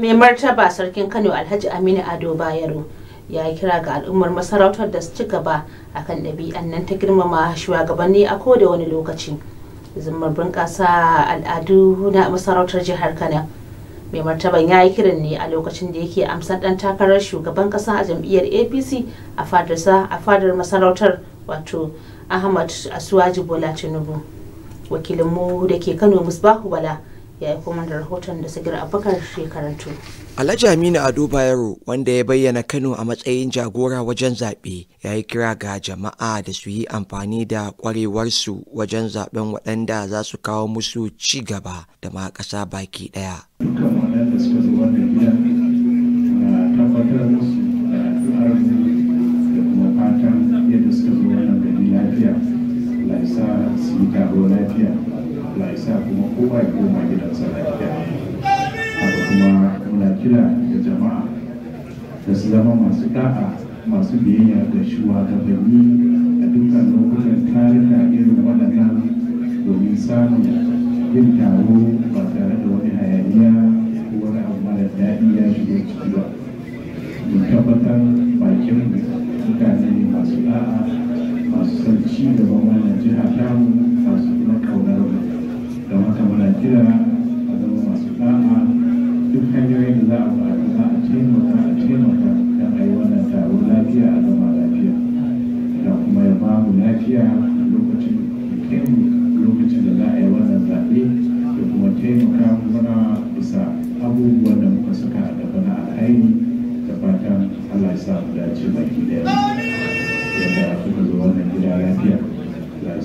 mai martaba sarkin kano alhaji aminu ado bayero ya yi kira ga al'ummar masarautar da su ci gaba akan ɗabi'an nan ta girmama shugabanni a koda wani lokaci zumar bunƙasa al'adu na masarautar jihar kano mai martaban ya yi kiran ne a lokacin da yake amsar ɗan takarar shugaban ƙasa a jam'iyyar apc a fadarsa a fadar masarautar wato ahmad asuwaji bola tinubu wakilinmu da ke kano musbahu bala ya aiko mana da rahoton da sigira abubakar shekarantu. Alhaji Aminu Ado Bayero wanda ya bayyana Kano a matsayin jagora wajen zaɓe ya yi kira ga jama'a da su yi amfani da ƙwarewarsu wajen zaɓen waɗanda za su kawo musu ci gaba da ma ƙasa baki ɗaya. Dukkan waɗanda suka zo wannan gida tabbatar musu da addu'ar da kuma fatan yadda suka zo wannan gari lafiya. Allah ya sa su yi lafiya. Allah ya sa kuma kowa ya koma gidansa lafiya haka kuma muna kira ga jama'a da su zama masu da'a masu biyayya da shugabanni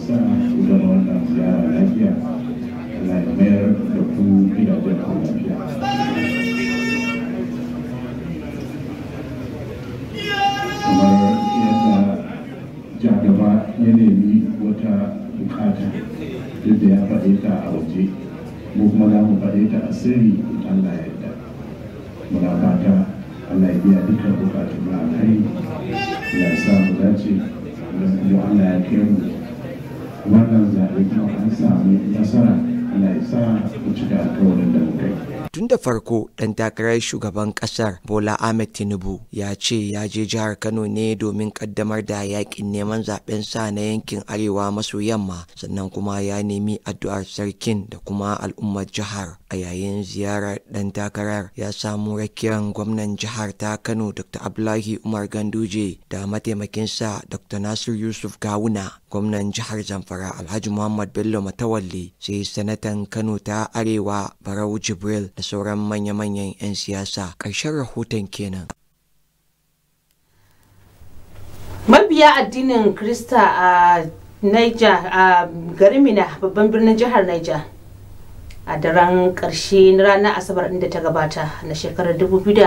sa ku zama wannan ziyara lafiya Allah ya mayar da ku gidajen ku lafiya kamar yadda jagaba ya nemi wata bukata duk da ya faɗe a waje mu kuma za mu faɗe ta a sirri Allah ya yarda muna Allah ya biya dukkan bukatun na kai ya sa mu dace don kuma ya kai wannan zaɓe kuma an sami nasara Allah ya sa ku cika alkawarin da muka tun da farko ɗan takarar shugaban ƙasar bola ahmed tinubu ya ce ya je jihar kano ne domin ƙaddamar da yakin neman zaben sa na yankin arewa maso yamma sannan kuma ya nemi addu'ar sarkin da kuma al'ummar jihar a yayin ziyarar ɗan takarar ya samu rakiyar gwamnan jihar ta kano dr abdullahi umar ganduje da mataimakin sa dr nasir yusuf gawuna gwamnan jihar zamfara alhaji muhammad bello matawalle sai sanatan kano ta arewa barau jibril da sauran manya-manyan 'yan siyasa ƙarshen rahoton kenan. mabiya addinin krista a niger a garimina babban birnin jihar niger a daren ƙarshe na ranar asabar inda ta gabata na shekarar 2023